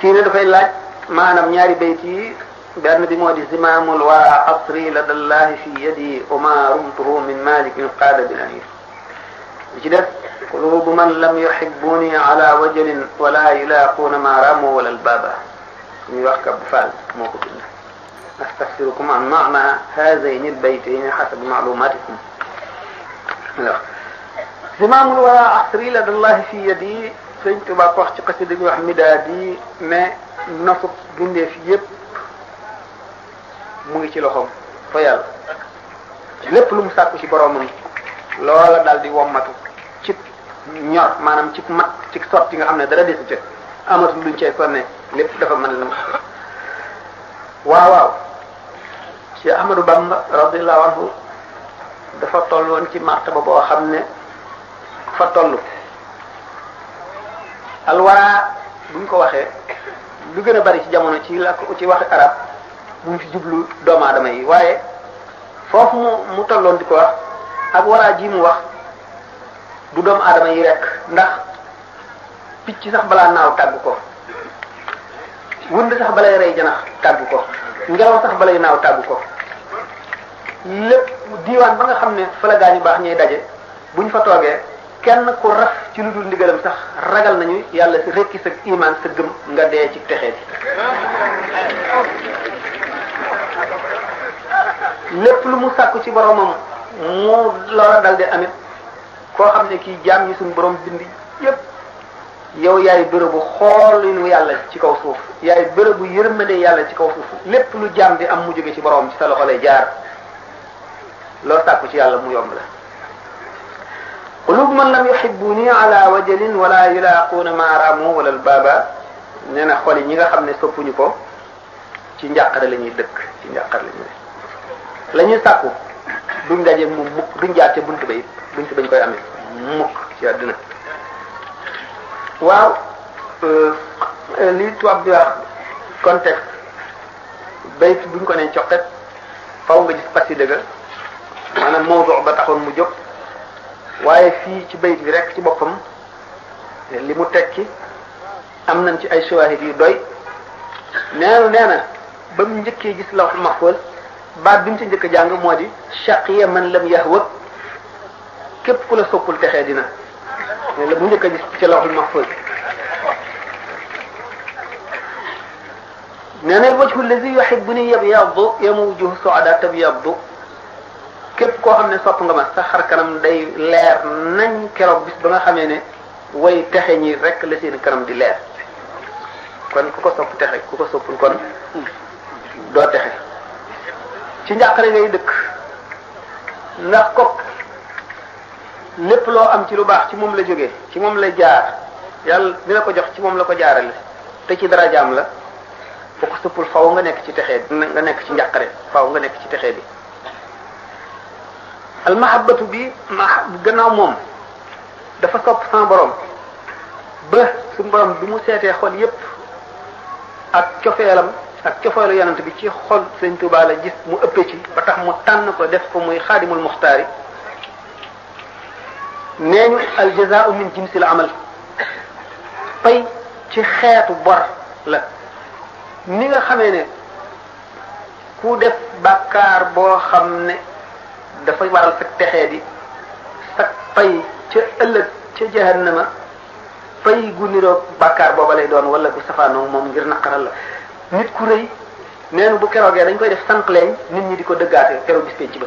كي لا دفاي لاج مانام نياري بيتي بن بي مودي زمام الورى قصري لدى الله في يدي وما رمته من مالك قال بن انيس قلوب من لم يحبوني على وجل ولا يلاقون ما راموا ولا البابا من يوحك بفعل موقف أستفسركم عن معنى هذين البيتين حسب معلوماتكم زمام الورى عصري لدى الله في يدي sëñ Tuubaa ko wax ci xasida dañuy wax midaad yi ne nofub bindeef yépp mu ngi ci loxoom fa lépp lu mu sàkku ci boromam loola daal di wommatu ci ñor maanaam ci mat ci sotti nga xam ne dara desu ca amatul luñ cay sonne lépp dafa mën lam waaw waaw ci Ahmadou Bamba radiyallahu anhu dafa toll woon ci martaba boo xam ne fa toll alwara bu ñu ko waxee lu gën a bari ci jamono ci làkk ci waxi arab mu ngi fi jublu doomu aadama yi waaye foofu mu mu tolloon di ko wax ak waraa ji mu wax du doomu aadama yi rek ndax picc sax balaa naaw tàgg ko wënd sax balay rey janax tàgg ko ngelaw sax yi naaw tàgg ko lépp diiwaan ba nga xam ne fa gaa ñu baax ñuy daje bu ñu fa toogee kenn ku raf ci lu dul ndigalam sax ragal nañu yàlla rekki sa imaan sa gëm nga dee ci texe bi lépp lu mu sàkku ci boromam mu loola dal amit koo xam ne kii jaam yi suñu borom bind yépp yow yaay bërëbu xoolinu yàlla ci kaw suuf yaay bërëbu yërmande yàlla ci kaw suuf lépp lu jaam di am mu jóge ci borom ci sa loxo lay jaar loo sàkku ci yàlla mu yomb la qulub man lam yuhibbuni ala wajalin wala yulaaquuna maaraamu wala baaba nee na xol yi ñi nga xam ne soppuñu ko ci njàqare la ñuy dëkk ci njàqare la ñuy dëkk la ñuy sàkku duñ daje mu mukk duñ jaar ca buntu ba it buntu bañ koy amee mukk ci àddina waaw euh, euh, li tubaab bi wax contexte bayt buñ ko nee coqet faw nga gis pasi dëgg maanaam mawdu ba taxoon mu jóg waaye fii ci bayit bi rek ci boppam li mu tekki am nañ ci ay shawaahid yu doy neenu nee na ba mu njëkkee gis lawxul maxfuus baat bi mu ci njëkk a jàng moo di shaqiya man lam yahwak képp ku la soppul texee dina la mu njëkk a gis ci lawxul maxfuus nee na alwajhu allazi yuhibbuni yabyaddu yamujuhu suada tabyaddu képp koo xam ne sopp nga ma sax xar kanam day leer nañ keroog bis ba nga xamee ne way texe ñi rekk la seen kanam di leer kon ku ko sopp texe ku ko soppul kon doo texe ci njàqare ngay dëkk ndax ko lépp loo am ci lu baax ci moom la jógee ci moom la jaar yàlla la ko jox ci moom la ko jaarale te ci dara jaam la ku ko soppul faw nga nekk ci texe nga nekk ci njàqare faw nga nekk ci texe bi al mahabbatu bi ma gannaaw moom dafa sopp sama borom ba bi mu seetee xol yépp ak cofeelam ak cofeelu yonent bi ci xol sëñ Tuubaa la mu ëppee ci ba tax mu tànn ko def ko muy xaadimul muxtaari nee ñu al jazaau min jinsil amal pay ci xeetu bor la ni nga xamee ne ku def bàkkaar boo xam ne dafay waral sa texee di sa fay ca ëllëg ca jahannama fay gu niroog bàkkaar booba lay doon wala gu safaanoo moom ngir naqaral la nit ku rëy neenu bu keroogee dañ koy def sànq leen nit ñi di ko dëggaate keroog bis penc ba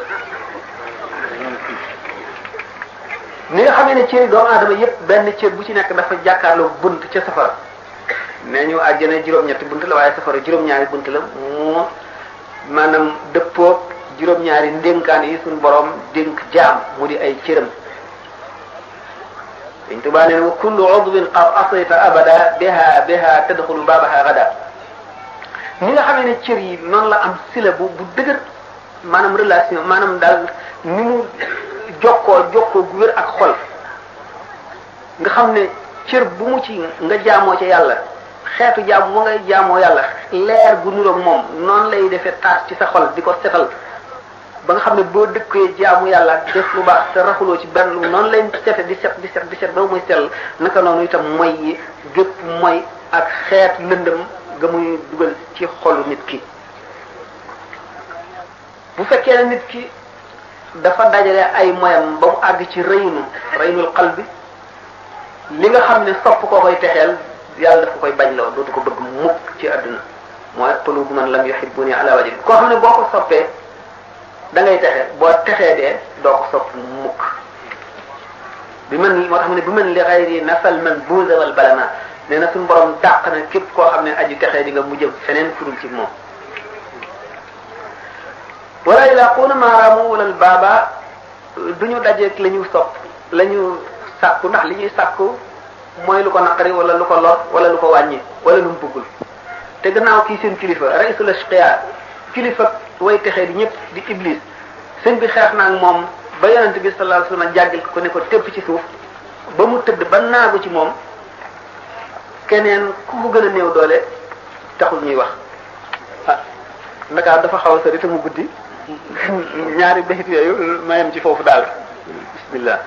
ni nga xamee ne cëri doomu aadama yépp benn cër bu ci nekk dafa jàkkaarloo bunt ca safara nee ñu àjjana juróom-ñetti bunt la waaye safara juróom-ñaari bunt la moo maanaam dëppoo juróom-ñaari ndénkaan yi suñ borom dénk jaam mu di ay cëram Sëriñ Tuubaa nee na wa kullu udwin qad asayta abada biha biha tadxulu baabaha gada ni nga xamee ne cër yi noonu la am sila bu bu dëgër maanaam relation maanaam dal ni mu jokkoo jokkoo gu wér ak xol nga xam ne cër bu mu ci nga jaamoo ci yàlla xeetu jaam mu nga jaamoo yàlla leer gu nuroog moom noonu lay defee taas ci sa xol di ko setal ba nga xam ne boo dëkkee jaamu yàlla ak def lu baax te raxuloo ci benn lu noonu lañ sete di set di set di set ba muy sell naka noonu itam moy yi gépp moy ak xeet lëndëm ga muy dugal ci xolu nit ki bu fekkee ne nit ki dafa dajale ay moyam ba mu àgg ci rëynu rëynul xal bi li nga xam ne sopp koo koy texeel yàlla dafa koy bañ loo dootu ko bëgg mukk ci àdduna mooy pëlu bu man lam yuhibbuni ala wajhi koo xam ne boo ko soppee da ngay texe boo texee dee doo ko sopp bi mën moo tax ne bi mën li xayri nasal na suñu borom dàq na képp koo xam ne aj texee di nga mu jëm feneen furul ci moom wala ilaquuna maaraamu walal baaba du ñu dajeeg la ñu sopp la ñu sàkku ndax li ñuy sàkku mooy lu ko naqari wala lu ko wala lu ko wala lu mu te gannaaw kii seen kilifa raisul ashqiya kilifa way texee di ñëpp di iblis sëñ bi xeex na ak moom ba yonent bi sallallahu alayhi wasallam jàggal ko ne ko tépp ci suuf ba mu tëdd ba naagu ci moom keneen ku ko gën a néew doole taxul ñuy wax ah Ndakaar dafa xaw a sori te mu guddi ñaari bayit yooyu mayam ci foofu daal bismillah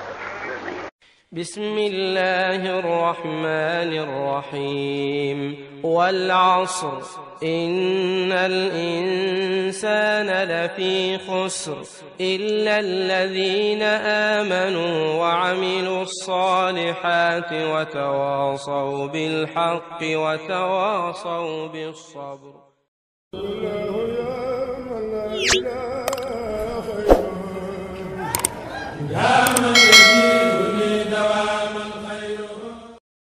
بسم الله الرحمن الرحيم والعصر إن الإنسان الإنسان لفي خسر إلا الذين آمنوا وعملوا الصالحات وتواصوا بالحق وتواصوا بالصبر الله يا